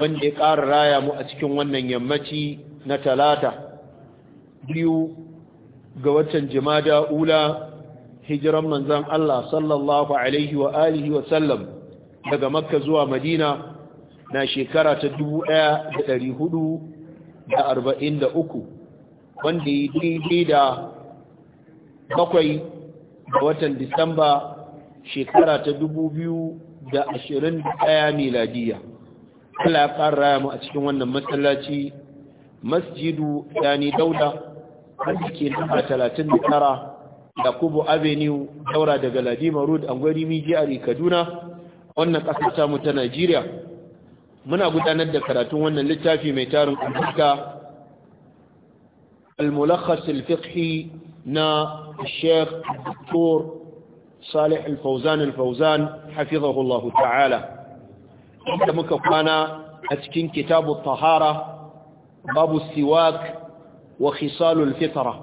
wanda ya ƙara raya mu a cikin wannan yammaci na talata biyu ga watan jimada ula hijiran manzan Allah sallallahu alaihi wa alihi wa sallam daga makka zuwa madina na shekara ta uku, wanda ya daidai da bakwai ga watan disamba shekara ta 2021 miladiya Allah ya ƙara mu a cikin wannan masallaci masjidu yani dauda wanda ke namba da kubo avenue daura daga ladima road angwari a kaduna wannan ƙasar tamu ta najeriya muna gudanar da karatun wannan littafi mai tarin amurka al-mulakhas al-fiqhi na sheikh dr salih al-fawzan al-fawzan hafizahullahu ta'ala da muka kwana a cikin kitabu tahara babu siwak wa khisalul fitra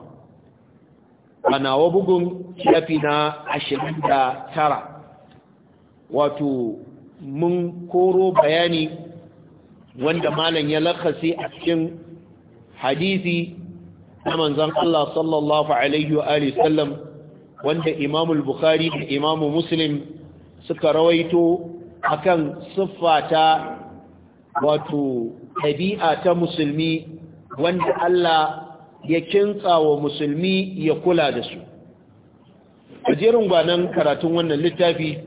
ana wa bugun ashirin na tara, wato mun koro bayani wanda malam ya lakasi a cikin hadisi na manzon Allah sallallahu alaihi wa sallam wanda Imamul bukhari da Imam Muslim suka rawaito akan siffa ta wato ɗabi'a ta musulmi wanda Allah ya kintsa wa musulmi ya kula da su a gwanan gwanon karatun wannan littafi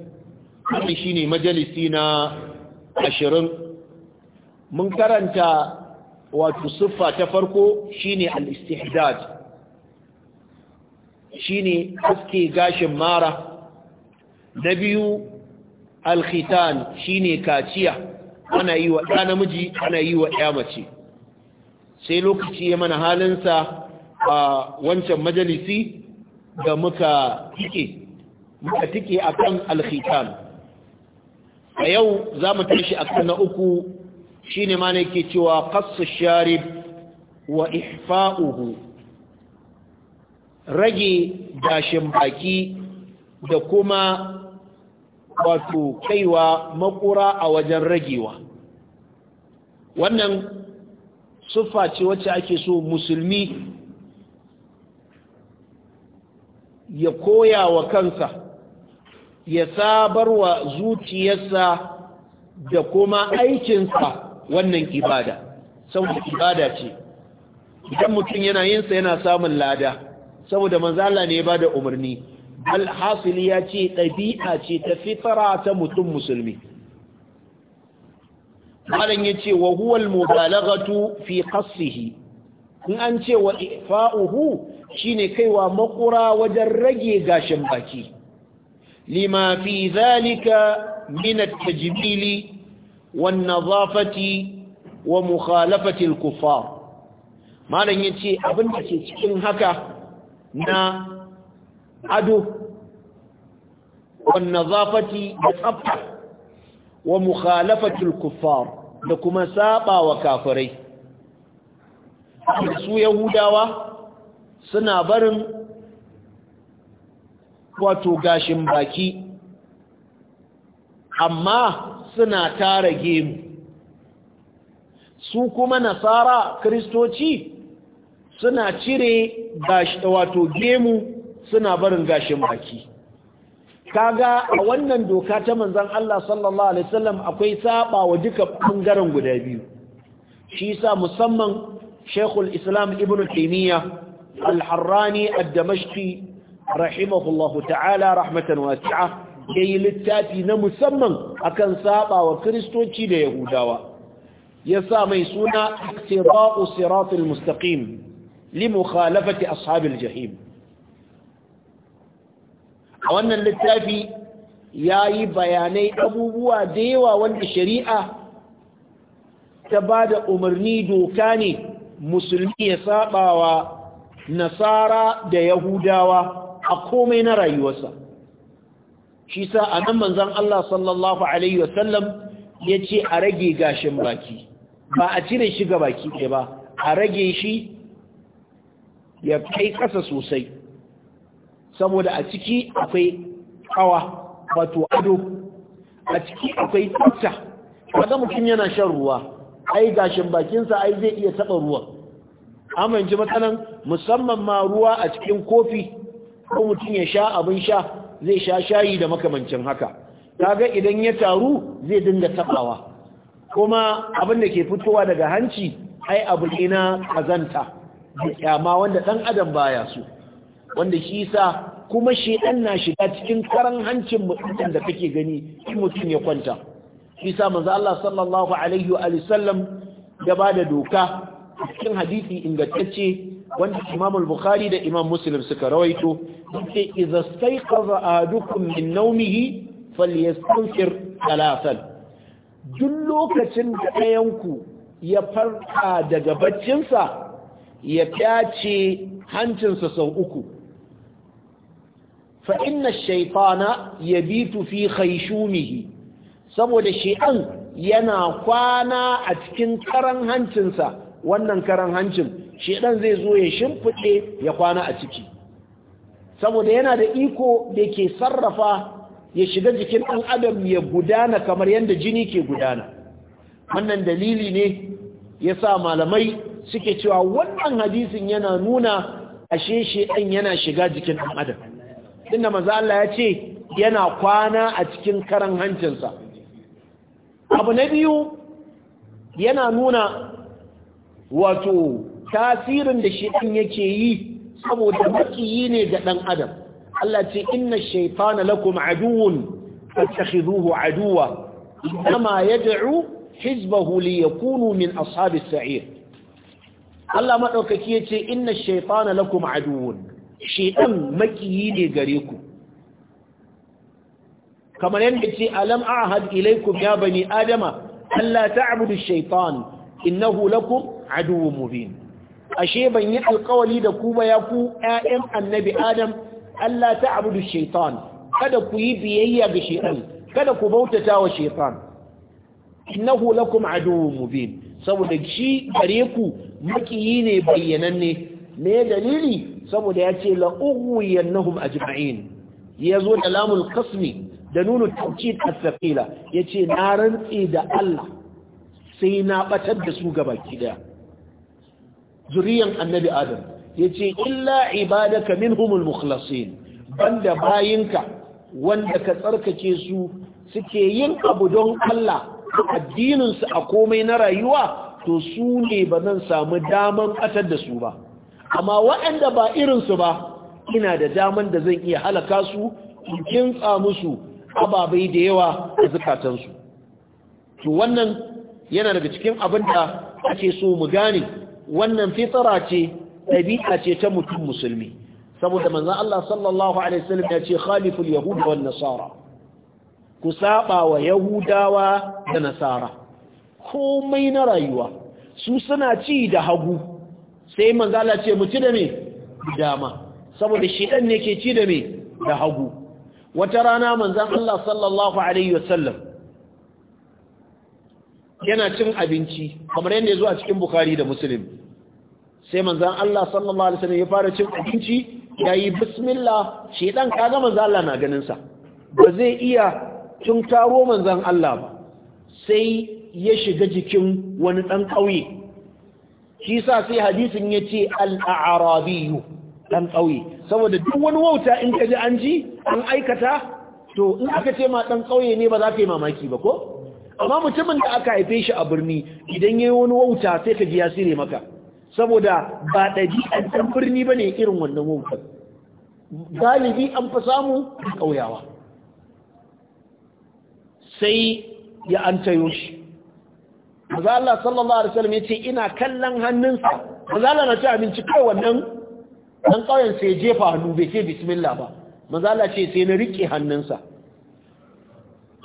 kuma shi ne majalisi na ashirin mun karanta wato siffa ta farko shi ne al'istihdad shi ne haske gashin mara na biyu alkhitan shine kaciya ana yi wa ɗa namiji ana yi wa ɗa mace sai lokaci ya mana halinsa a wancan majalisi da muka tike muka tike akan alkhitan a yau za mu tashi akan na uku shine ma na yake cewa kasu sharif wa ifa'uhu rage gashin baki da kuma wato kaiwa makura a wajen ragewa wannan siffa ce wacce ake so musulmi ya koya wa kansa ya sabar wa zuciyarsa da kuma aikinsa wannan ibada saboda ibada ce idan mutum yana yinsa yana samun lada saboda manzala ne ya ba da umarni alhasili ya ce ɗabi'a ce ta fitara ta mutum musulmi malam ya ce wa huwal mubalaghatu fi qassihi in an ce wa ifa'uhu shine kaiwa makura wajen rage gashin baki lima fi zalika min at-tajmili wan nadafati wa mukhalafati al-kuffar malam ya ce abin da ke cikin haka na ado al-kuffar da kuma saba wa kafirai? su yahudawa suna barin wato gashin baki amma suna tara gemu su kuma nasara kristoci suna cire wato gemu suna barin gashin baki kaga a wannan doka ta manzon Allah sallallahu alaihi wasallam akwai saba wa duka bangaren guda biyu shi yasa musamman Sheikhul Islam Ibn Taymiyyah Al-Harrani Ad-Damashqi rahimahullahu ta'ala rahmatan wasi'a yayi littafi na musamman akan saba wa kristoci da yahudawa ya sa mai suna iqtira'u siratal mustaqim li mukhalafati ashabil jahim a wannan littafi ya yi bayanai abubuwa da yawa wanda shari'a ta ba da umarni doka ne musulmi ya sabawa nasara da yahudawa a komai na rayuwarsa shi sa a nan manzan Allah sallallahu Alaihi wasallam ya ce a rage gashin baki ba a cire shiga baki ɗaya ba a rage shi ya kai ƙasa sosai saboda a ciki akwai hawa wato ado a ciki akwai tsafta kaga mutum yana shan ruwa ai gashin bakinsa ai zai iya taba ruwa yanzu matsalan musamman ma ruwa a cikin kofi ko mutum ya sha abin sha zai sha shayi da makamancin haka kaga idan ya taru zai dinga tabawa kuma abin da ke fitowa daga hanci ai abu ne na kazanta da kyama wanda dan adam baya so wanda shi sa kuma shedan na shiga cikin karan hancin mutum da kake gani in mutum ya kwanta shi sa manzo Allah sallallahu alaihi wa sallam ya bada doka cikin hadisi ingantacce wanda Imam al-Bukhari da Imam Muslim suka rawaito yace idza stayqaza ahadukum min nawmihi falyastankir thalathan duk lokacin da ɗayanku ya farka daga baccinsa ya fyace hancinsa sau uku fa inna ya bi tufi khayshunihi saboda shi'an yana kwana a cikin karan hancinsa wannan karan hancin shi'an zai zo ya shimfiɗe ya kwana a ciki saboda yana da iko da ke sarrafa ya shiga jikin ɗan adam ya gudana kamar yadda jini ke gudana wannan dalili ne ya sa malamai suke cewa wannan hadisin yana nuna ashe shian yana shiga jikin ɗan adam tunda manzo Allah ya ce yana kwana a cikin karan hancinsa abu na biyu yana nuna wato tasirin da shaitan yake yi saboda maƙiyi ne ga ɗan adam Allah ce inna shaytana lakum aduwun fattakhidhuhu aduwa kama yad'u hizbahu yakunu min ashabis sa'ir Allah madaukaki yace inna shaytana lakum aduwun shedan makiyi ne gare ku kamar yadda ce alam ahad ilaikum ya bani adama alla ta'budu shaytan innahu lakum aduwwun mubin ashe ban yi alkawali da ku ba ya ku ƴaƴan annabi adam Allah ta'budu shaitan, kada ku yi biyayya ga shedan kada ku bautata wa shaytan innahu lakum aduwwun mubin saboda shi gare ku makiyi ne bayyananne me dalili saboda ya ce a ajma'in ya zo da lamun kasmi da nuna taucid a saqila yace na rantsi da Allah sai na batar da su gabaki daya zuriyan annabi adam yace illa ibadaka minhumul mukhlasin banda bayinka wanda ka tsarkake su suke yin abu don Allah addinin su a komai na rayuwa to su ne ba zan samu daman batar da su ba amma waɗanda ba irinsu ba ina da daman da zan iya halaka su in kintsa musu ababai da yawa a zukatansu to wannan yana daga cikin abin da ake so mu gane wannan fitara ce ɗabi'a ce ta mutum musulmi saboda manzo Allah sallallahu alaihi wasallam ya ce khaliful yahud wal nasara ku saba wa yahudawa da nasara komai na rayuwa su suna ci da hagu sai manzo Allah ce mu ci da me dama saboda shedan ne ke ci da me da hagu wata rana manzon Allah sallallahu alaihi wasallam yana cin abinci kamar yadda ya a cikin Bukhari da Muslim sai manzon Allah sallallahu alaihi wasallam ya fara cin abinci yayi bismillah shedan kaga manzon Allah na ganin sa ba zai iya tun taro manzon Allah ba sai ya shiga jikin wani dan kauye shi sa sai hadisin ya ce al'arabiyu ɗan ƙauye saboda duk wani wauta in ka ji an ji an aikata to in aka ce ma ɗan ƙauye ne ba za ka yi mamaki ba ko amma mutumin da aka haife shi a birni idan ya yi wani wauta sai ka ji ya sire maka saboda ba a ɗan birni ba ne irin wannan wautar galibi an fi samu ƙauyawa sai ya an tayo shi maza Allah sallallahu Alaihi wasallam ya ce ina kallon hannunsa maza Allah na ci abinci kai wannan ɗan ƙauyen sai jefa hannu bai ce bismillah ba maza Allah ce sai na riƙe hannunsa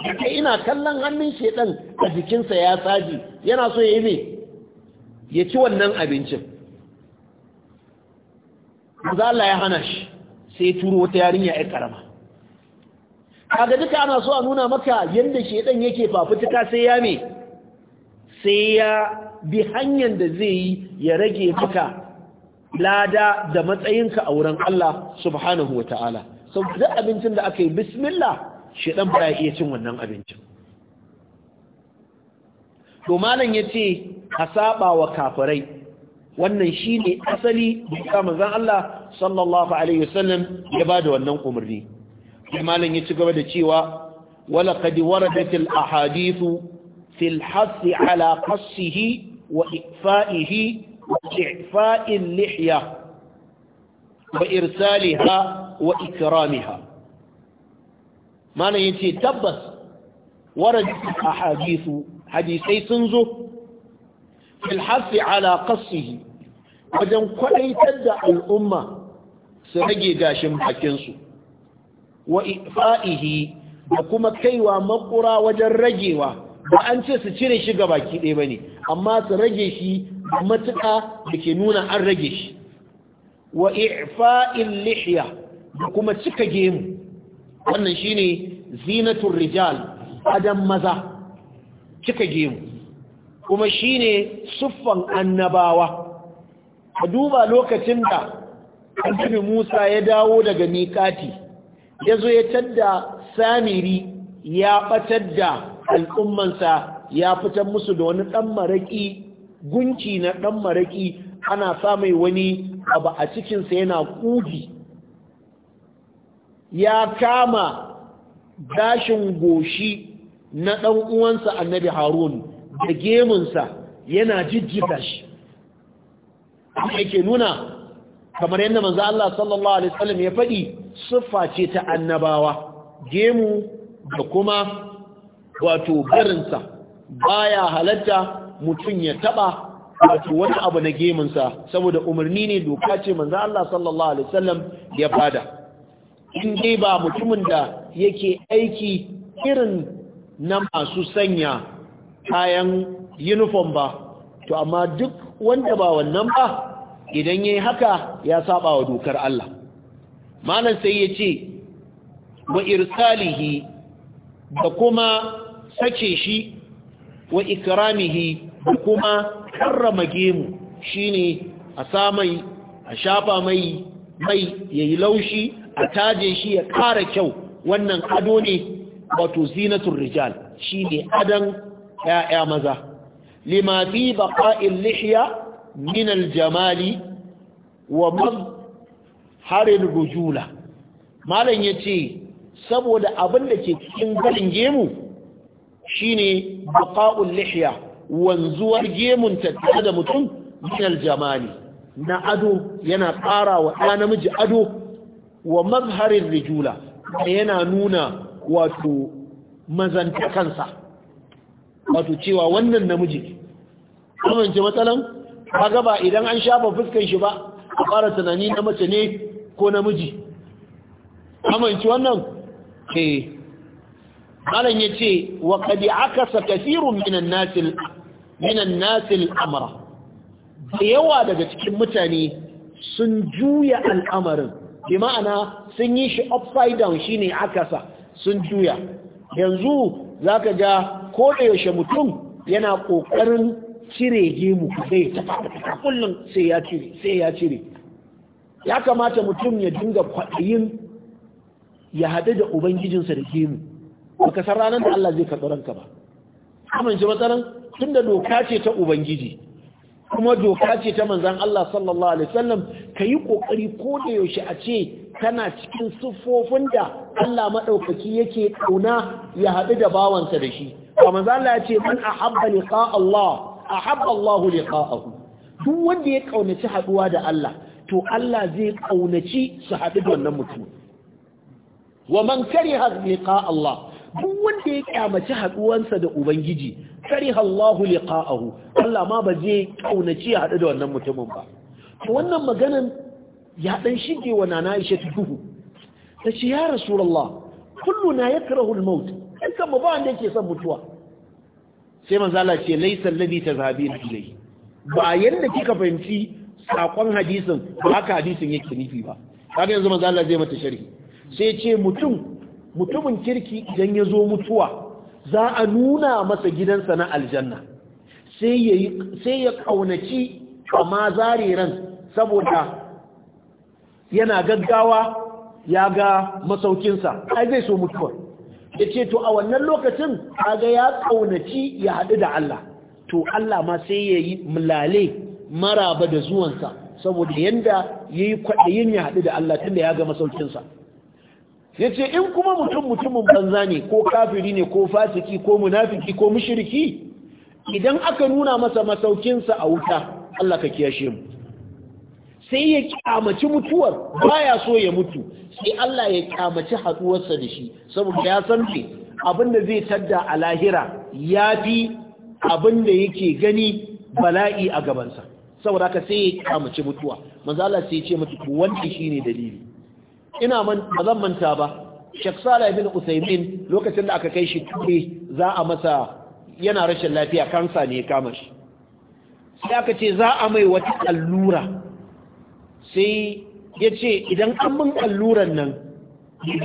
ake ina kallon hannun shedan a jikinsa ya tsaji yana so ya yi mai ya ci wannan abincin maza Allah ya hana shi sai turo wata yarinya ya karama kaga duka ana so a nuna maka yadda shedan yake fafutuka sai ya me sai ya bi hanyar da zai yi ya rage maka lada da matsayinka a wurin Allah subhanahu wa ta'ala sau da abincin da aka yi bismillah shi ba ya iya cin wannan abincin domanan ya ce a saba wa kafirai wannan shi ne asali da manzan Allah sallallahu alaihi wasallam ya ba da wannan umarni domanan ya ci gaba da cewa wala kadi waradatil ahadithu في الحث على قصه وإكفائه وإعفاء اللحية وإرسالها وإكرامها ما نيتي تبس ورد أحاديث حديثي سنزو في الحث على قصه wajen kwaitar da al'umma su rage gashin bakinsu wa ifa'ihi da kuma kaiwa makura wajen ragewa ba an ce su cire shi ga baki ɗaya ba ne amma su rage shi matuƙa da ke nuna an rage shi wa i'fa'in lihiya da kuma cika gemu wannan shi ne zinatun rijal adam maza cika gemu kuma shi ne suffan annabawa a duba lokacin da ƙarfi Musa ya dawo daga miƙati ya zo ya tadda samiri ya ɓatar da al'ummansa ya fitar musu da wani ɗan maraƙi gunki na ɗan maraƙi ana samai wani abu a cikinsa yana ƙugi ya kama gashin goshi na ɗan uwansa annabi harun da gemunsa yana jijjita shi yake nuna kamar yadda manzo Allah sallallahu alaihi wasallam ya faɗi siffa ce ta annabawa gemu da kuma wato garinsa ba ya halatta mutum ya taba wato wani abu na geminsa saboda umarni ne doka ce manza Allah sallallahu alaihi wasallam ya bada in dai ba mutumin da yake aiki irin na masu sanya kayan uniform ba to amma duk wanda ba wannan ba idan yayi haka ya saba wa dokar Allah malam sai ya ce wa irsalihi da kuma sake shi wa ikramihi da kuma karrama gemu shine a sa mai a shafa mai mai yayi laushi a taje shi ya ƙara kyau wannan ado ne wato zinatul rijal shine adan ya'ya maza lima fi baqa'il lihya min al-jamali wa mazharil rujula malan yace saboda abin da ke cikin garin gemu shine baqa'ul lihya wanzuwar gemun tattare da mutum min aljamali na ado yana ƙara wa ɗa namiji ado wa mazharin rijula yana nuna wato mazantakansa wato cewa wannan namiji amince matsalan kaga ba idan an shafa fuskan shi ba a fara tunani na mace ne ko namiji amince wannan eh malam ya ce wa kadi aka sa kafirun minan nasil amara da yawa daga cikin mutane sun juya al'amarin bi ma'ana sun yi shi upside down shi ne aka sa, sun juya yanzu zaka ga ko yaushe mutum yana ƙoƙarin cire gemu zai ta kullum sai ya cire ya kamata mutum ya dinga kwaɗayin ya haɗu da ubangijinsa da gemu baka san ranar da Allah zai karɓi ranka ba amin ji matsalan tunda doka ce ta ubangiji kuma doka ce ta manzon Allah sallallahu alaihi wasallam kayi kokari ko da yaushe a ce kana cikin siffofin da Allah madaukaki yake kauna ya haɗu da bawansa da shi kuma manzon Allah ya ce man ahabba liqa Allah ahabba Allah liqa'ahu duk wanda ya kaunaci haɗuwa da Allah to Allah zai kaunaci su haɗu da wannan mutum wa man kariha liqa Allah duk wanda ya kyamaci haduwansa da ubangiji Kari Allahu liqa'ahu Allah ma ba zai ƙaunaci ya haɗu da wannan mutumin ba to wannan maganan ya ɗan shige wa nana Aisha duhu tace ya rasulullah kulluna yakrahu al-maut kan mu ba wanda yake son mutuwa sai manzo Allah ce ta alladhi tazhabin ilayhi ba yanda kika fahimci saƙon hadisin ba haka hadisin yake nufi ba kaga yanzu manzala zai mata sharhi sai ce mutum mutumin kirki idan ya zo mutuwa za a nuna masa gidansa na aljanna sai ya kaunaci kama zare ran saboda yana gaggawa ya ga masaukinsa ai zai so mutuwa ya ce to a wannan lokacin ga ya kaunaci ya haɗu da Allah to Allah ma sai ya yi mulale maraba da zuwansa saboda yanda ya yi kwaɗayin ya haɗu da Allah tun da ya ga masaukinsa ya ce in kuma mutum mutumin banza ne ko kafiri ne ko fasiki ko munafiki ko mushiriki, idan aka nuna masa masaukinsa a wuta Allah ka kiyashe mu sai ya kyamaci mutuwar baya so ya mutu sai Allah ya kyamaci haduwarsa da shi saboda ya san me abin da zai tadda a lahira ya fi abin da yake gani bala'i a gabansa saboda haka sai ya kyamaci mutuwa manzo Allah sai ya ce mutu wanda shine dalili ina man ba zan manta ba Sheikh Salih bin Usaimin lokacin da aka kai shi tube za a masa yana rashin lafiya kansa ne ya kama shi sai aka ce za a mai wata allura sai ya ce idan an min alluran nan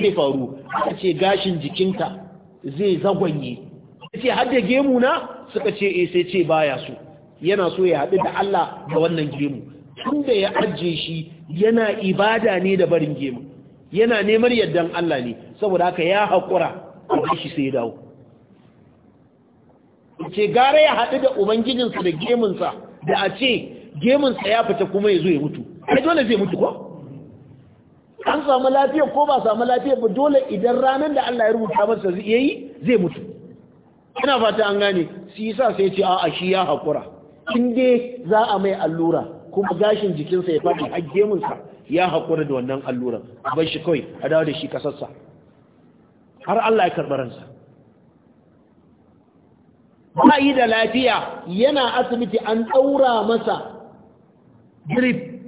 zai faru aka ce gashin jikinka zai zagwanye ya ce har da gemu na suka ce eh sai ce baya so yana so ya haɗu da Allah da wannan gemu tun da ya ajiye shi yana ibada ne da barin gemu yana neman yardan Allah ne saboda haka ya haƙura a shi sai ya dawo ce gara ya haɗu da ubangijinsa da gemunsa da a ce gemunsa ya fita kuma ya zo ya mutu ai dole zai mutu ko an samu lafiya ko ba samu lafiya ba dole idan ranar da Allah ya rubuta masa ya yi zai mutu ina fata an gane shi sa sai ce a'a shi ya haƙura in dai za a mai allura kuma gashin jikinsa ya faɗi a gemunsa ya haƙura da wannan alluran a bai shi kawai a dawo da shi kasarsa har Allah ya karɓi ransa ba yi da lafiya yana asibiti an ɗaura masa drip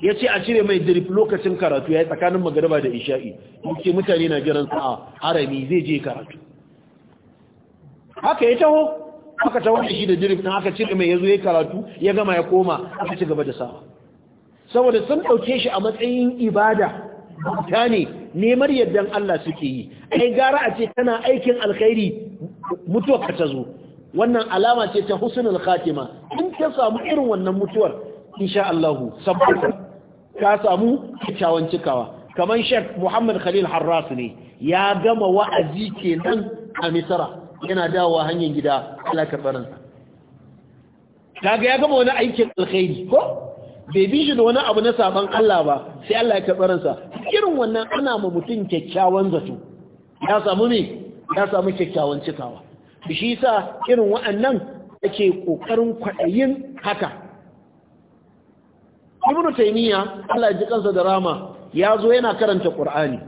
ya ce a cire mai drip lokacin karatu ya yi tsakanin magaraba da isha'i yake mutane na jiran sa'a harami zai je karatu haka ya taho aka ta wani shi da dirif na aka cire mai ya zo ya karatu ya gama ya koma aka ci gaba da sawa saboda sun ɗauke shi a matsayin ibada ta ne nemar yardan Allah suke yi ai gara a ce tana aikin alkhairi mutuwa ka ta zo wannan alama ce ta husnul khatima in ka samu irin wannan mutuwar insha Allah sabbata ka samu kyakkyawan cikawa kamar Sheikh Muhammad Khalil Harras ne ya gama wa'azi kenan a Misra yana dawowa hanyar gida Allah karɓar ransa kaga ya gama wani aikin alkhairi ko bai bi shi da wani abu na saban Allah ba sai Allah ya karɓar irin wannan ana ma mutum kyakkyawan zato ya samu me ya samu kyakkyawan cikawa shi yasa irin wa'annan ake kokarin kwaɗayin haka Ibn Taymiyya Allah ya ji kansa da rama ya zo yana karanta qur'ani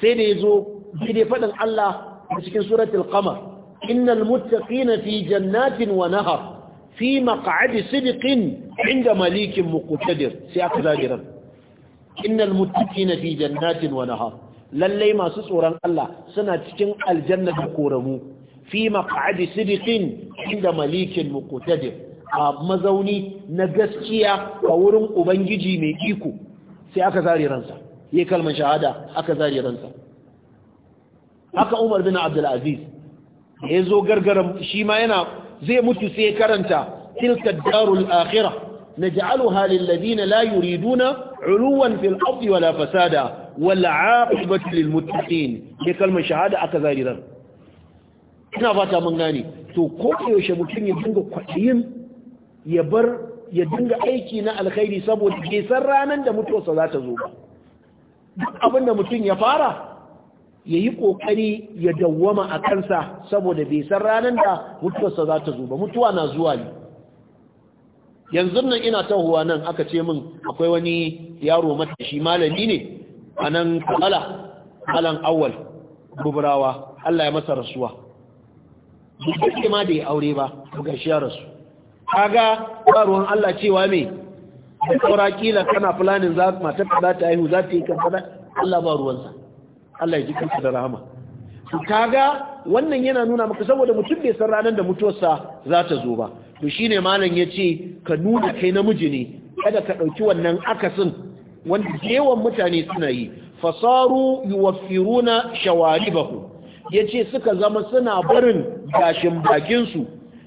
sai da ya zo daidai faɗin Allah a cikin suratul qamar إن المتقين في جنات ونهر في مقعد صدق عند مليك مقتدر سيأخذ ذاكرا إن المتقين في جنات ونهر للي ما سسورا الله سنة تكن الجنة كورمو في مقعد صدق عند مليك مقتدر مزوني نقسكيا كورم أبنجي ميكيكو سيأخذ ذاكرا يكلم شهادة أخذ ذاكرا haka Umar bin Abdul Aziz ya zo gargara shi ma yana zai mutu sai karanta tilka darul akhirah naj'aluha lil ladina la yuriduna uluwan fil ardi wala fasada wal 'aqibatu lil muttaqin ke kalmar shahada aka zariran ina fata mun gane to ko yaushe mutum ya dinga kwaɗayin ya bar ya dinga aiki na alkhairi saboda ke san ranar da mutuwarsa za ta zo ba duk abin da mutum ya fara ya yi ƙoƙari ya dawwama a kansa saboda bai san ranar da mutuwarsa za ta zo ba mutuwa na zuwa ne yanzu nan ina huwa nan aka ce min akwai wani yaro matashi malami ne a nan kala kalan awal gubarawa Allah ya masa rasuwa bai ke ma da ya aure ba ga gashi ya rasu kaga ruwan Allah cewa mai da saura kila kana fulanin za matar ta haihu za ta yi kan Allah ba ruwansa Allah ya ji kansa da rahama to kaga wannan yana nuna maka saboda mutum bai san ranar da mutuwarsa za ta zo ba to shine malam ya ce, ka nuna kai namiji ne kada ka ɗauki wannan akasin wanda yawan mutane suna yi fasaru yuwaffiruna shawaribahu yace suka zama suna barin gashin bakin su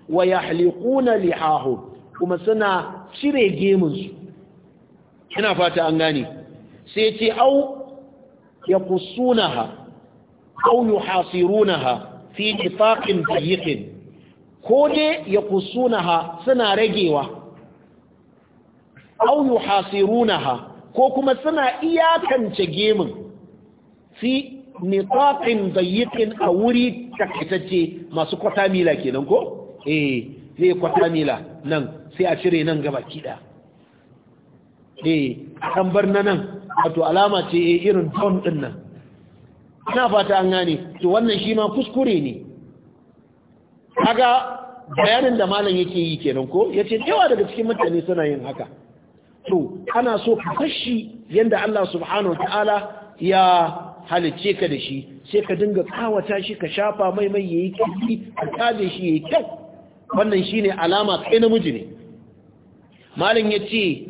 wa yahliquna lihahu kuma suna cire gemun su ina fata an gane sai ce au yaqussunaha aw yuhasirunaha fi nifaqin bayyin ko dai yaqussunaha suna ragewa aw yuhasirunaha ko kuma suna iyakance gemun, fi nifaqin bayyin a wuri takaitacce masu kwata mila kenan ko eh nan sai a cire nan gaba kida eh an bar na nan wato alama ce irin ton din nan ina fata an gane to wannan shi ma kuskure ne kaga bayanin da malam yake yi kenan ko yace yawa daga cikin mutane suna yin haka to ana so ka kashi yanda Allah subhanahu wataala ya halicce ka da shi sai ka dinga kawata shi ka shafa mai mai yayi kiki ka kaje shi yayi kyau wannan shine alama kai namiji ne malam yace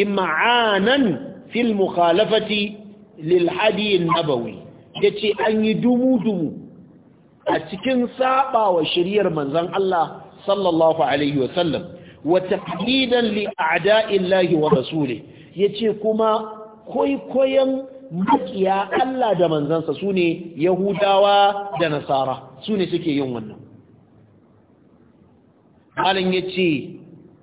imma'anan fil mukhalafati lil hadi nabawi yace an yi dumu dumu a cikin sabawa shiriyar manzon Allah sallallahu alaihi wa sallam wa taqlidan li a'da'illahi wa rasuli yace kuma kwaikwayon makiya Allah da manzansa sune yahudawa da nasara sune suke yin wannan malan yace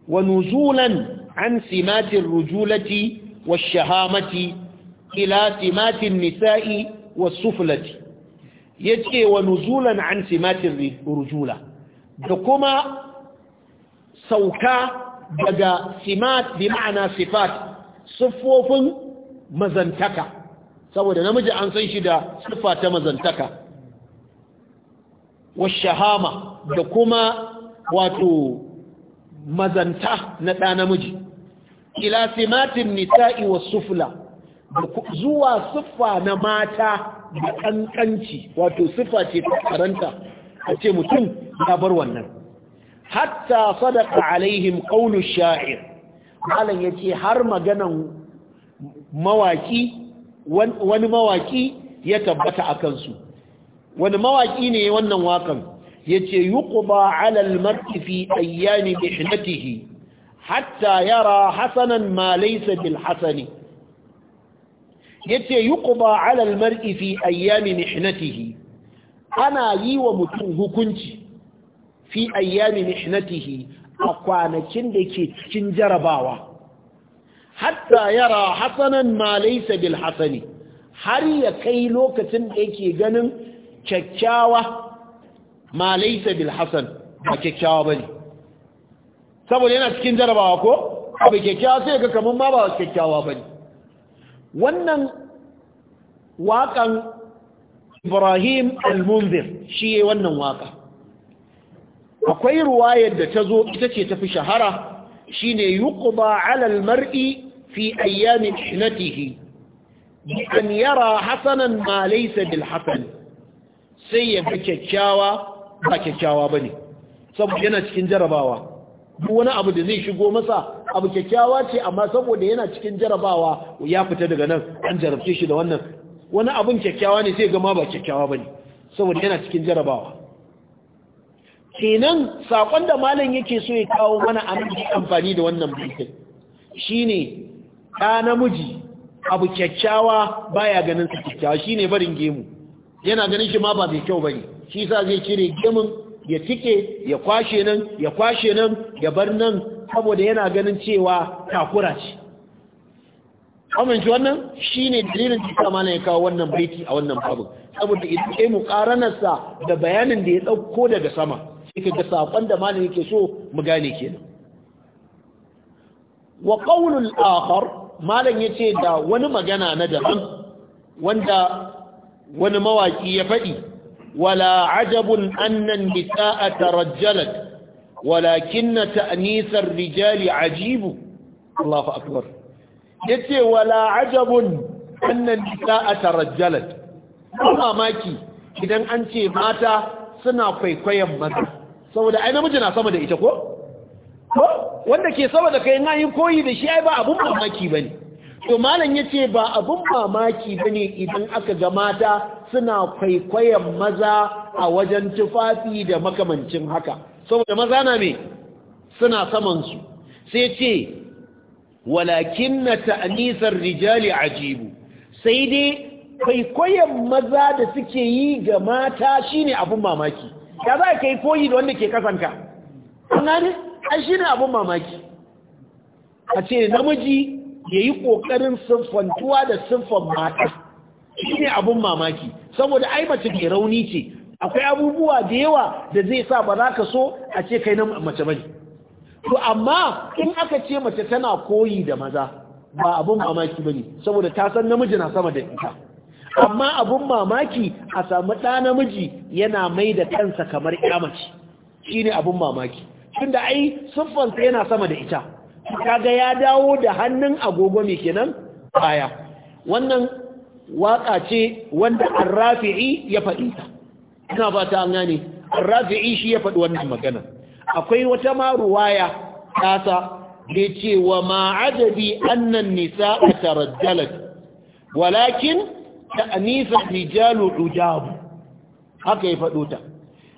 wa nuzulan an simatir rujulati washahamati ila timati nisa'i wasuflati yace wa nuzulan an timati rujula da kuma sauka daga simat bi ma'ana sifat sufufun mazantaka saboda namiji an san shi da sifa ta mazantaka washahama da kuma wato mazanta na ɗa namiji ila simatin nisa'i was sufla zuwa siffa na mata da kankanci wato siffa ce ta karanta a ce mutum ya bar wannan hatta sadaqa alaihim qawlu sha'ir malam yace har maganan mawaki wani mawaki ya tabbata akan su wani mawaki ne wannan wakan yace yuqba ala al-mar'i fi ayyami bihnatihi hatta yara hasanan ma laysa bil hasani yace yuqda ala al mar'i fi ayyami mihnatihi ana yi wa mutum hukunci fi ayyami mihnatihi a kwanakin da ke cikin jarabawa hatta yara hasanan ma laysa bil hasani har ya kai lokacin da yake ganin kyakkyawa ma laysa bil hasan ba kyakkyawa bane saboda yana cikin jarabawa ko abu kyakkyawa sai ga kamar ma ba kyakkyawa ba ne wannan waƙan ibrahim al-munzir shi yi wannan waƙa akwai ruwayar da ta zo ita ce tafi shahara shine yuqba ala al-mar'i fi ayyamin ihnatihi bi an yara hasanan ma bil hasan sai ya bi kyakkyawa ba kyakkyawa bane saboda yana cikin jarabawa duk wani abu da zai shigo masa abu kyakkyawa ce amma saboda yana cikin jarabawa ya fita daga nan an jarabce shi da wannan wani abun kyakkyawa ne sai gama ba kyakkyawa ba ne saboda yana cikin jarabawa kenan sakon da malam yake so ya kawo mana aminci amfani da wannan bikin shi ne ɗa namiji abu kyakkyawa baya ganin sa kyakkyawa shi ne barin gemu yana ganin shi ma ba mai kyau ba ne, shi yasa zai cire gemun ya tike ya kwashe nan ya kwashe nan ya bar nan saboda yana ganin cewa takura ce amince wannan shine dalilin da sama ne ya kawo wannan baiti a wannan babu saboda idan kai muqaranarsa da bayanin da ya dauko daga sama sai ga sakon da malami yake so mu gane kenan wa qawlul akhar malam yace da wani magana na daban wanda wani mawaki ya faɗi ولا عجب أن النساء ترجلت ولكن تأنيث الرجال عجيب الله أكبر يتي ولا عجب أن النساء ترجلت ما ماكي idan an ce mata suna kwaikwayon maza saboda ai namiji na sama da ita ko? wanda ke sama da kai na yi koyi da shi ai ba abun mamaki ba ne to malam yace ba abun mamaki bane idan aka ga mata suna kwaikwayon maza a wajen tufafi da makamancin haka saboda maza na me suna saman su sai ce walakin na ta'anisar rijali ajibu sai dai kwaikwayon maza da suke yi ga mata shine abun mamaki ya za ka yi koyi da wanda ke kasanka an ne an shine abun mamaki a ce namiji ya yi ƙoƙarin siffantuwa da siffan mata shi ne abin mamaki saboda ai mace ke rauni ce akwai abubuwa da yawa da zai sa ba za ka so a ce kai na mace bane to amma in aka ce mace tana koyi da maza ba abin mamaki bane saboda ta san namiji na sama da ita amma abin mamaki a samu ɗa namiji yana mai da kansa kamar ƙyamaci mace ne abin mamaki tunda ai siffansa yana sama da ita kaga ya dawo da hannun agogo mai kenan baya wannan waka ce wanda arrafi'i ya faɗi ta ina ba ta an gane arrafi'i shi ya faɗi wannan magana akwai wata ma ruwaya tasa da ce wa ma'adabi annan nisa a taraddalat walakin anisa rijalu ujabu haka ya faɗo ta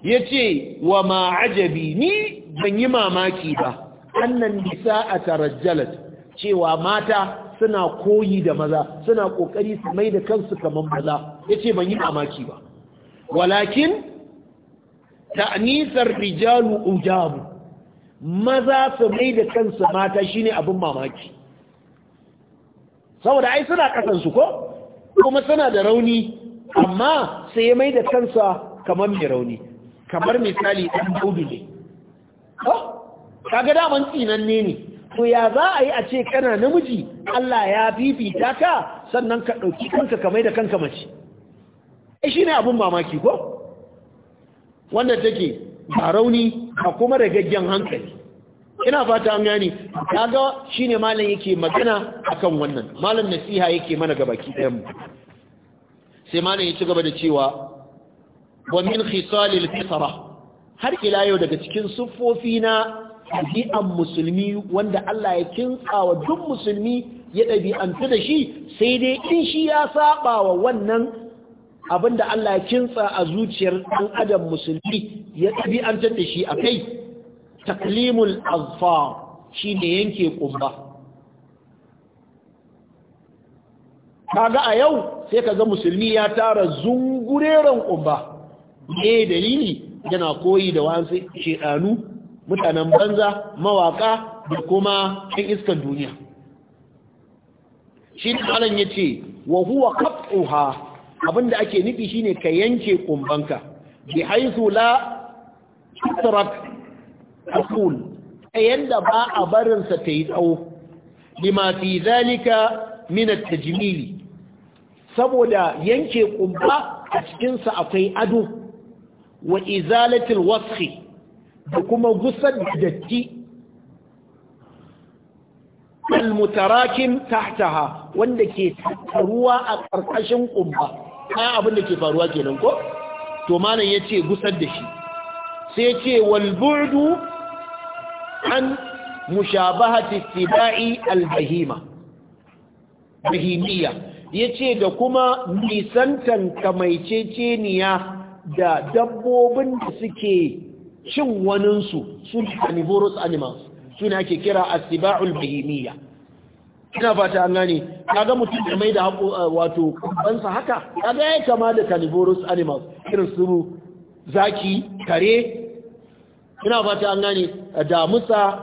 ya ce wa ma'ajabi ni ban yi mamaki ba annan nisa a tarajjalat cewa mata suna koyi da maza suna kokari su mai da kansu kamar maza yace ban yi mamaki ba walakin ta'nisar rijalu ujabu maza su mai da kansu mata shine abin mamaki saboda ai suna kasansu ko kuma suna da rauni amma sai ya mai da kansa kamar mai rauni kamar misali ɗan Audu ne kaga daman tsinanne ne to ya za a yi a ce kana namiji Allah ya bibita ka sannan ka ɗauki kanka kamar da kanka mace e shi ne abin mamaki ko wanda take ba rauni a kuma ragaggen hankali ina fata an gani kaga shine malam yake magana akan wannan malam nasiha yake mana gabaki ɗayan mu sai malam ya ci gaba da cewa wa min khisalil fitra har ila yau daga cikin siffofi na ɗabi'an musulmi wanda Allah ya kintsawa duk musulmi ya ɗabi'antu da shi sai dai in shi ya saba wa wannan abin da Allah ya kintsa a zuciyar ɗan adam musulmi ya ɗabi'antu da shi a kai taklimul alfa shi ne yanke ƙumba ga a yau sai ga musulmi ya tara zungureren ƙumba ne dalili yana koyi da wasu shaɗanu mutanen banza mawaka da kuma ɗan iskan duniya shi alan ya ce wa huwa ha abinda ake nufi shi ne ka yanke kumbanka bi haisu la tutrak aqul Yanda ba a barinsa ta yi tsawo bima fi zalika minar ta tajmili saboda yanke kumba a cikinsa akwai ado wa izalatul wasfi da kuma gusar da datti almutarakin tahtaha wanda ke taruwa a ƙarƙashin ƙumba ai abin da ke faruwa kenan ko to malam yace gusar da shi sai yace wal bu'du an mushabahati istiba'i al bahima bahimiyya yace da kuma nisantan kamaiceceniya da dabbobin da suke Shin waninsu sun ne carnivorous animals su ke kira siba'ul bahimiyya ina fata an gane kaga mutum da mai da eh, wato kambansa haka kaga ya kama da carnivorous animals irin su zaki kare ina fata an gane eh, da musa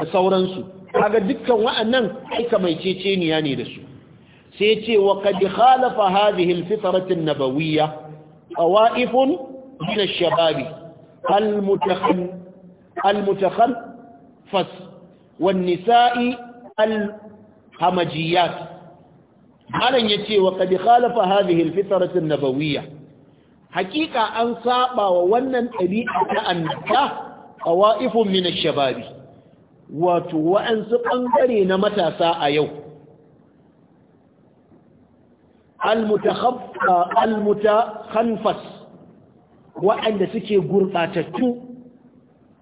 da sauransu kaga dukkan wa'annan aika mai ceceniya ne da su sai ce wa qad khalafa hadhihi al nabawiyya A min ash-shababi المتخلفس والنساء الهمجيات malam ya ce wa kadi khalafa hadhihi alfitratin nabawiyya hakika an saba wa wannan ɗabi'a ta annabta qawaifun min ash-shababi wato waɗansu bangare na matasa a yau al-mutakhaffas waɗanda suke gurɓatattu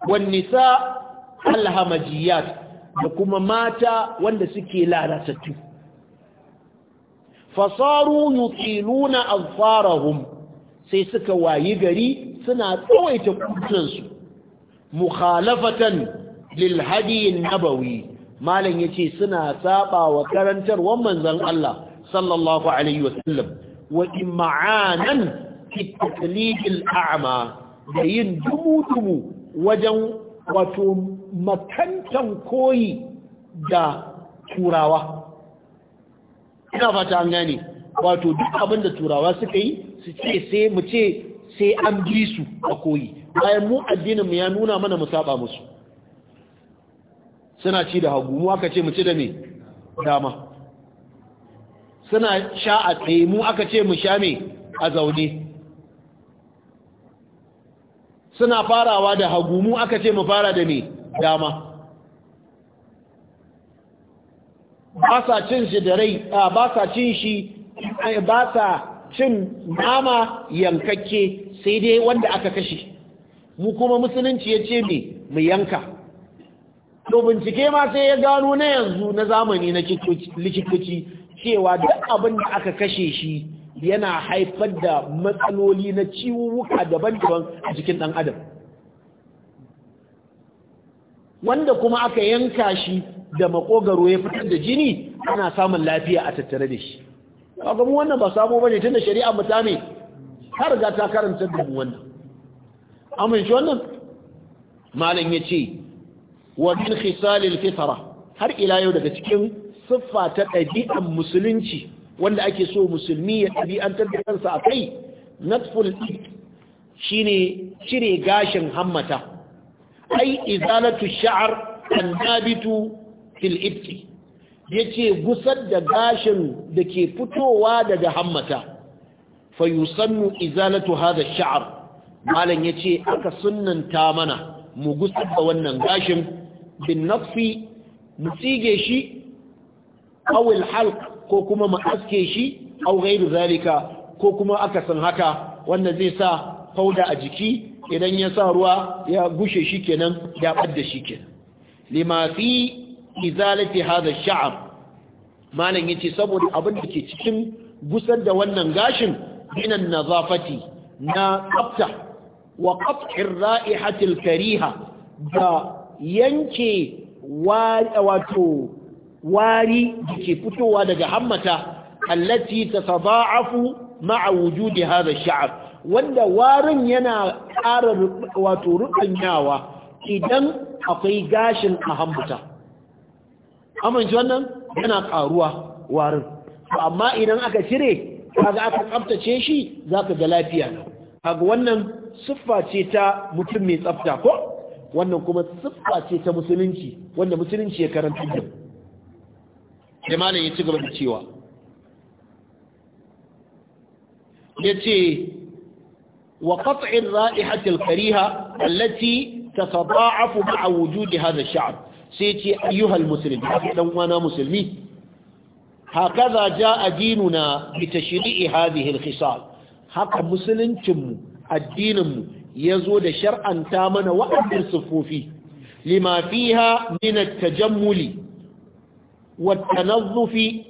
wannisa alhamajiyat da kuma mata wanda suke lalatattu fasaru yuqiluna azfarahum sai suka wayi gari suna tsawaita kutunansu mukhalafatan lil hadi nabawi malam yace suna saba wa wannan manzon Allah sallallahu alaihi wasallam wa ima'anan fi taqlidil a'ma da yin dumu-dumu wajen wato makantan koyi da turawa ina fata an gane wato duk abin da turawa suka yi su ce sai mu ce sai an bi su a koyi bayan mu addininmu ya nuna mana mu saba musu suna ci da hagu mu aka ce mu ci da me dama suna sha a tsaye mu aka ce mu sha me a zaune suna farawa da hagu mu aka ce mu fara da ne dama ba sa cin shi da rai ba sa cin shi ba sa cin nama yankakke sai dai wanda aka kashe mu kuma musulunci ya ce me mu yanka to bincike ma sai ya gano na yanzu na zamani na likitoci cewa duk abin da aka kashe shi yana haifar da matsaloli na ciwuwuka daban-daban a jikin ɗan adam wanda kuma aka yanka shi da makogaro ya fitar da jini ana samun lafiya a tattare da shi ba mu wannan ba samu tun da shari'a mu ta har ga ta karanta da mu wannan amin shi wannan malam ya wa min khisalil al fitra har ila yau daga cikin siffa ta ɗabi'an musulunci wanda ake so musulmi ya ɗabi'antar da kansa a kai natful shine cire gashin hammata ai izalatu sha'ar an dabitu fil Ya yace gusar da gashin da ke fitowa daga hammata fa yusannu izalatu hadha sha'ar malan yace aka sunnanta mana mu gusar da wannan gashin bin nafsi mu tsige shi awil halq ko kuma ma aske shi au ghairu zalika ko kuma aka san haka wanda zai sa fauda a jiki idan ya sa ruwa ya gushe shi kenan ya badda shi kenan lima fi izalati hadha ash-sha'r malan yace saboda abin da ke cikin gusar da wannan gashin minan nazafati na tsafta wa qat'i ar-ra'ihati al-kariha da yanke wato wari da ke fitowa daga hammata allati tatada'afu ma'a wujudi hadha ash-sha'r wanda warin yana ƙara wato rubanyawa idan akwai gashin a hammata amince wannan yana ƙaruwa warin amma idan aka cire kaga aka tsaftace shi zaka ga lafiya kaga wannan siffa ce ta mutum mai tsafta ko wannan kuma siffa ce ta musulunci wanda musulunci ya karanta sai malam ya ci gaba da cewa ya ce wa qat'ir ra'ihatil kariha allati tatada'afu ma'a wujudi hadha ash sai ce ayyuhal muslim dan wana musulmi hakaza jaa dinuna bi tashri'i hadhihi al-khisal haka musuluncinmu addininmu ya zo da shar'anta mana waɗannan sufofi lima fiha min at-tajammuli watanazzufi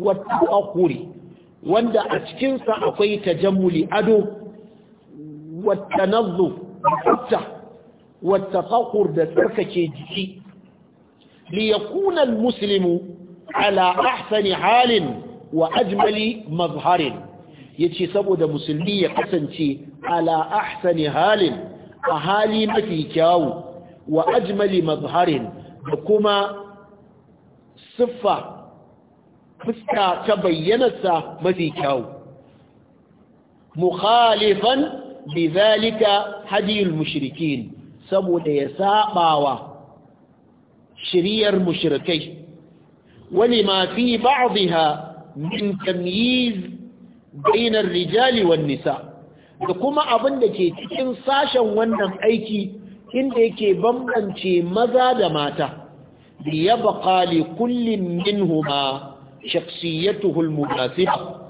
watakuri wanda a cikinsa akwai tajammuli ado watanazzuf tsafta watafakur da tsarkake jiki liyakuna almuslimu ala ahsani halin wa ajmali mazharin yace saboda musulmi ya kasance ala ahsani halin a hali mafi kyawu wa ajmali mazharin da kuma siffa fuska ta bayyanarsa mafi kyau, mukhalifan bi zalika hadiyul mushrikin saboda ya sabawa shiriyar mushrikai wani ma fi ba'dha min tamyiz rijali wan nisa da kuma abin da ke cikin sashen wannan aiki inda yake bambance maza da mata ليبقى لكل منهما شخصيته المناسبة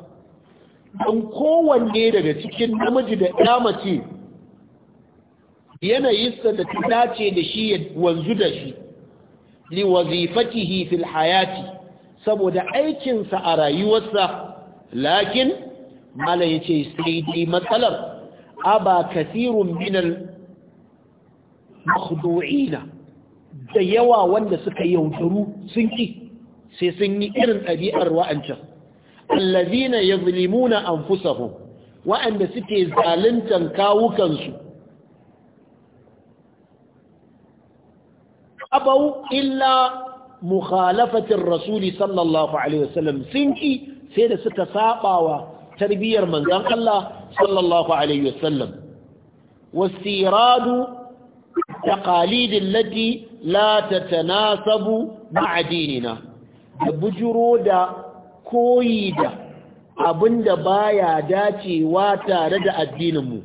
don kowanne daga cikin namiji da mace yanayinsa da ta dace da shi ya wanzu da shi li wazifatihi fil hayati saboda aikinsa a rayuwarsa lakin mala ya ce sai dai matsalar aba kasirun minal makhdu'ina da yawa wanda suka yaudaru sun ki sai sun yi irin ɗabi'ar wa'ancan allazina yazlimuna anfusahum wa'anda suke zaluntan kawukansu abau illa mukhalafatin rasuli sallallahu alaihi wasallam sun ki sai da suka sabawa tarbiyar manzon Allah sallallahu alaihi wasallam wasiradu taqalidin lati la tatanasabu ma'a dinina da bujuro da koyi da abinda baya dacewa tare da addininmu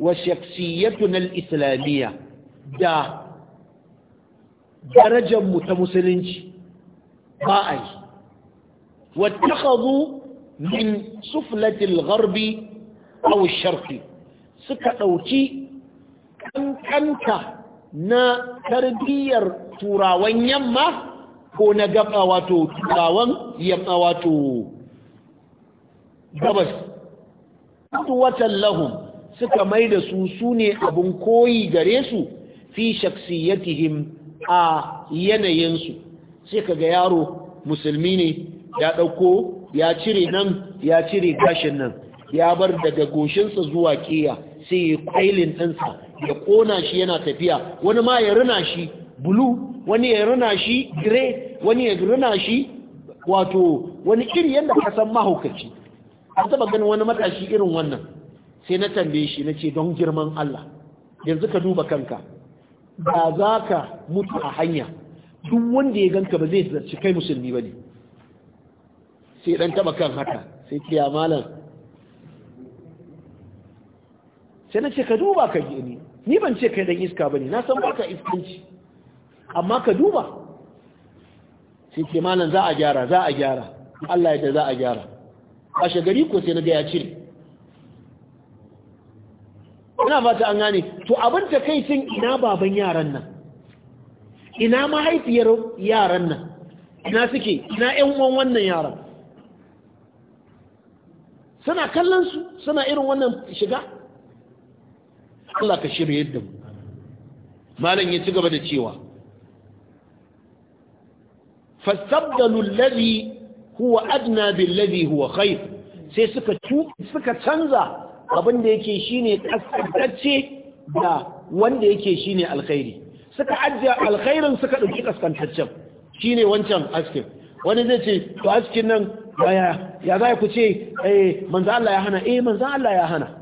wa shakhsiyatuna al-islamiyya da darajar mu ta musulunci ba a wattakhadhu min suflati al-gharbi aw al-sharqi suka dauki kankanta na tarbiyyar turawan yamma ko na gaba wato turawan yamma wato gabas watan lahum suka mai da su su ne abin koyi gare su fi shaksiyatihim a yanayinsu sai kaga yaro musulmi ne ya ɗauko ya cire nan ya cire gashin nan ya bar daga goshinsa zuwa ƙiya sai ya kwailin ɗansa. ya ƙona shi yana tafiya wani ma ya rina shi bulu wani ya rina shi gire wani ya rina shi wato wani iri yadda ka san mahaukaci an taba ganin wani matashi irin wannan sai na tambaye shi na ce don girman Allah yanzu ka duba kanka ba za ka mutu a hanya duk wanda ya ganka ba zai zarci kai musulmi ba ne sai ɗan taba kan haka sai ce ya malam sai na ce ka duba ka ji ni ban ce kai dan iska bane na san baka iskanci amma ka duba sai ce malam za a gyara za a gyara Allah ya za a gyara a shagari ko sai na ga ya cire ina fata an gane to abin ta kai cin ina baban yaran nan ina mahaifiyar yaran nan ina suke ina ƴan uwan wannan yaran suna kallon su suna irin wannan shiga Allah ka shirya yadda mu malam ya ci gaba da cewa fastabdalu alladhi huwa adna billadhi huwa khair sai suka suka canza abin da yake shine kaskantacce da wanda yake shine alkhairi suka ajiya alkhairin suka dauki kaskantaccen shine wancan askin wani zai ce to askin nan ya za ku ce eh manzo Allah ya hana eh manzo Allah ya hana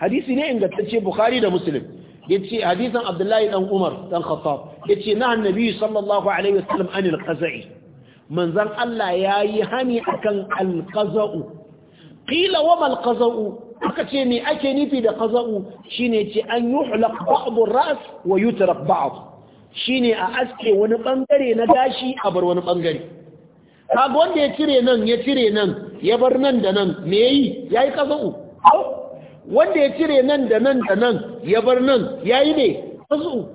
hadisi ne ingantacce bukhari da muslim yace hadisin abdullahi dan umar dan khattab yace na annabi sallallahu alaihi wasallam anil qaza'i manzon Allah yayi hani akan alqaza'u qila wa mal qaza'u aka ce me ake nufi da qaza'u shine yace an yuhlaq ba'd ar-ra's wa yutrak ba'd shine a aske wani bangare na gashi a bar wani bangare kaga wanda ya cire nan ya cire nan ya bar nan da nan me yayi yayi qaza'u wanda ya cire nan da nan da nan ya bar nan ya yi ne kasu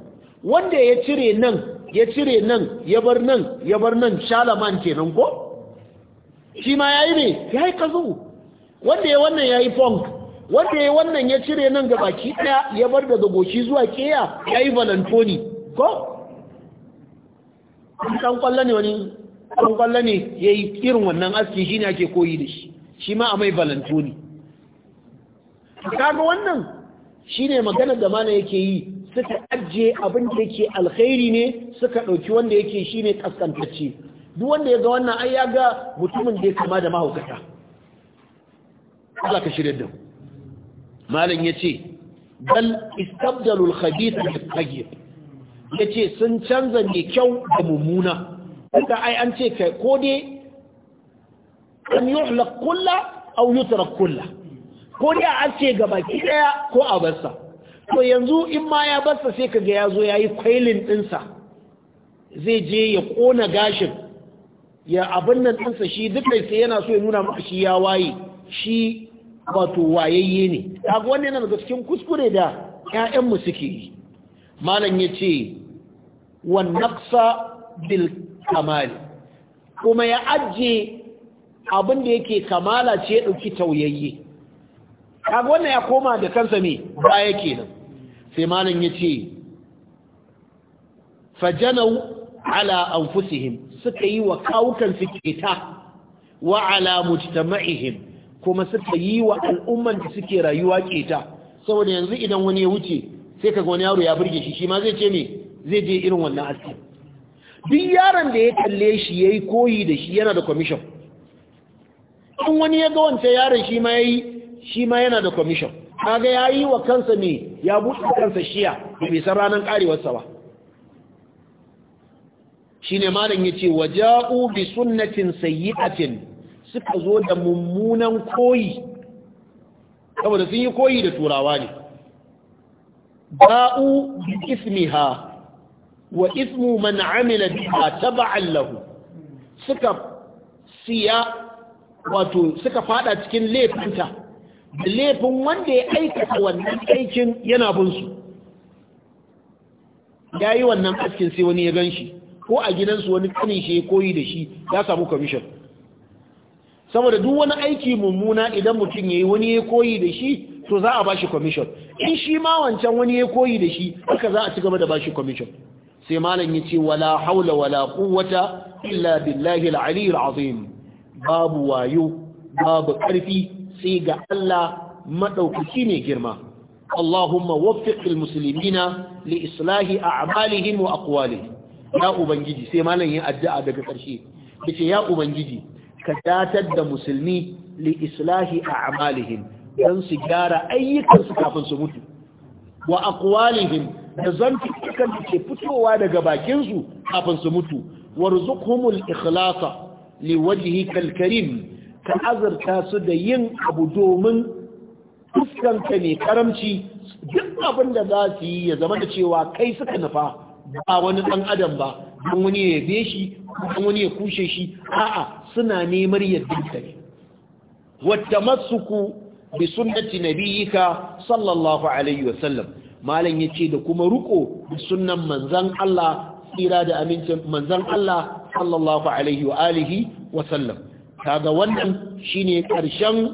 wanda ya cire nan ya cire nan ya bar nan ya bar nan shalaman kenan ko shi ma ya yi ne ya yi kazu wanda ya wannan ya yi funk wanda ya wannan ya cire nan ga baki daya ya bar daga goshi zuwa keya ya yi valentoni ko ɗan kwallo ne wani ɗan kwallo ne ya yi irin wannan aski shi ne ake koyi da shi shi ma a mai valentoni kaga wannan shine maganar da mana yake yi suka ajiye abin da yake alkhairi ne suka ɗauki wanda yake shine kaskantacce duk wanda ya ga wannan ai ya mutumin da ya kama da mahaukata Allah ka shirya da malam yace bal istabdalul khabith bil-tayyib yace sun canza mai kyau da mummuna kuma ai an ce kai ko dai an yuhlak kullu aw yutrak kullu ko dai a aske ga baki daya ko a barsa to yanzu in ma ya barsa sai kaga ya zo ya yi kwailin ɗinsa zai je ya ƙona gashin ya abin nan ɗinsa shi duk da sai yana so ya nuna maka shi ya waye shi wato wayayye ne kaga wannan yana daga cikin kuskure da mu suke yi malam ya ce wa naqsa bil kamal kuma ya ajje abin da yake kamala ce ya ɗauki tauyayye kaga wannan ya koma da kansa ne baya kenan sai malam yace fajanau ala anfusihim suka yi wa kawukan su keta wa ala mujtama'ihim kuma suka yi wa al'umman da suke rayuwa keta saboda yanzu idan wani ya wuce sai kaga wani yaro ya burge shi shi ma zai ce me zai je irin wannan aski duk yaron da ya kalle shi yayi koyi da shi yana da commission in wani ya ga wancan yaron shi ma yayi shi ma yana da commission kaga ya yi wa kansa ne ya buɗe kansa shiya da san ranar ƙarewarsa ba shi ne malam yace ce waja'u bi sunnatin sayyi'atin suka zo da mummunan koyi saboda sun yi koyi da turawa ne ba'u bi ismiha wa ismu man amila biha tab'an lahu suka siya wato suka fada cikin laifinta da laifin wanda ya aikata wannan aikin yana bin su ya yi wannan askin sai wani ya gan shi ko a gidansu wani kanin shi ya koyi da shi ya samu kwamishin saboda duk wani aiki mummuna idan mutum ya yi wani ya koyi da shi to za a ba shi kwamishin in shi ma wancan wani ya koyi da shi haka za a ci gaba da ba shi kwamishin sai malam ya ce wala haula wala quwwata illa billahi al-ali al-azim babu wayo babu karfi sai ga Allah madaukaki ne girma Allahuma waffiqil muslimina li islahi a'malihim wa aqwalihim ya sai malam yi addu'a daga ƙarshe yace ya ubangiji ka datar da musulmi li islahi a'malihim dan su gyara ayyukansu kafin su mutu wa aqwalihim da zanti kan ke fitowa daga bakinsu su kafin su mutu warzuqhumul ikhlasa li wajhikal karim ka azurta su da yin abu domin fuskanta mai karamci duk abin da za su yi ya zama da cewa kai suka nufa ba wani ɗan adam ba don wani ya yabe shi don wani ya kushe shi a'a suna neman yadda ka ne wata masuku bi sunnati nabiyika sallallahu alaihi wasallam malam yace da kuma ruko bi sunnan manzon Allah tsira da amincin manzon Allah sallallahu alaihi wa alihi wa sallam kaga wannan shine karshen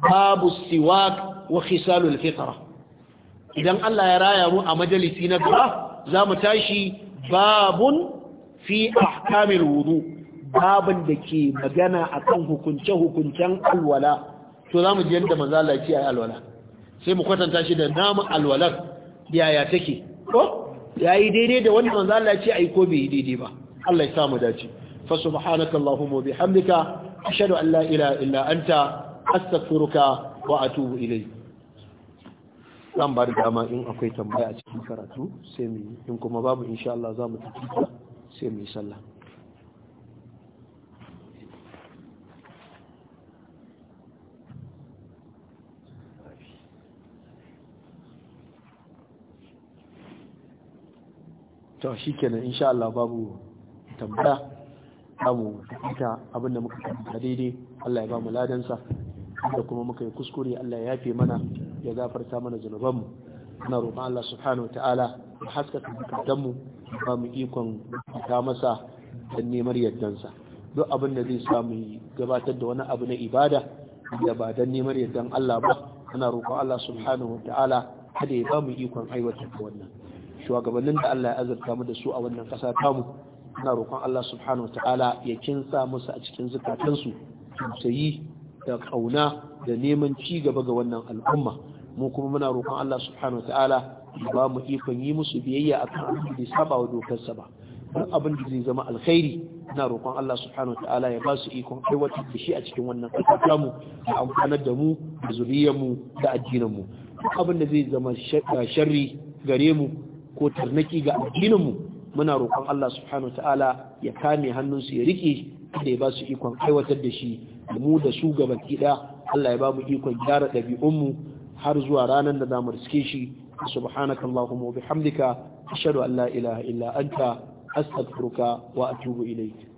babu siwak wa khisalul fitra idan Allah ya raya mu a majalisi na gaba za mu tashi babun fi ahkamil wudu babun da ke magana akan hukunce hukuncen alwala to ji yadda manzo Allah ya ce alwala sai mu kwatanta shi da namu alwalar yaya take ko yayi daidai da wanda manzo Allah ya ce ai ko bai daidai ba Allah ya sa mu dace fa subhanakallahumma bihamdika أشهد أن لا إله إلا أنت أستغفرك وأتوب atubu dan bar da dama in akwai tambaya a cikin karatu sai mu yi in kuma babu insha Allah za mu tafi sai mu yi sallah to shikenan insha Allah babu tambaya zamu da ita abin da muka karanta daidai Allah ya ba mu ladansa da kuma muka yi kuskure Allah ya yafe mana ya gafarta mana zunubanmu na roƙon Allah subhanahu wa ta'ala ya haskaka mu ba mu ikon ta masa da neman yardansa duk abin da zai samu gabatar da wani abu na ibada da ba don neman yardan Allah ba ana roƙon Allah subhanahu wa ta'ala kada ya ba mu ikon aiwatar da wannan shugabannin da Allah ya azurta mu da su a wannan ƙasa tamu ana roƙon Allah subhanahu wa ta'ala ya kinsa musu a cikin zukatansu tausayi da ƙauna da neman ci gaba ga wannan al'umma mu kuma muna roƙon Allah subhanahu wa ta'ala ya ba mu ikon yi musu biyayya akan abin da saba wa dokarsa ba duk abin da zai zama alkhairi ina roƙon Allah subhanahu wa ta'ala ya ba su ikon aiwatar da shi a cikin wannan ƙasa mu da amfanar da mu da zuriyar mu da addinin mu duk abin da zai zama sharri gare mu ko tarnaki ga addinin mu muna roƙon Allah subhanahu ta'ala ya kame hannunsu ya rike da ya ba su ikon aiwatar da shi da mu da su gaba kida Allah ya ba mu ikon gyara ɗabi'unmu har zuwa ranar da zamu riske shi subhanaka allahumma wa bihamdika ashhadu an la ilaha illa anta astaghfiruka wa atubu ilayk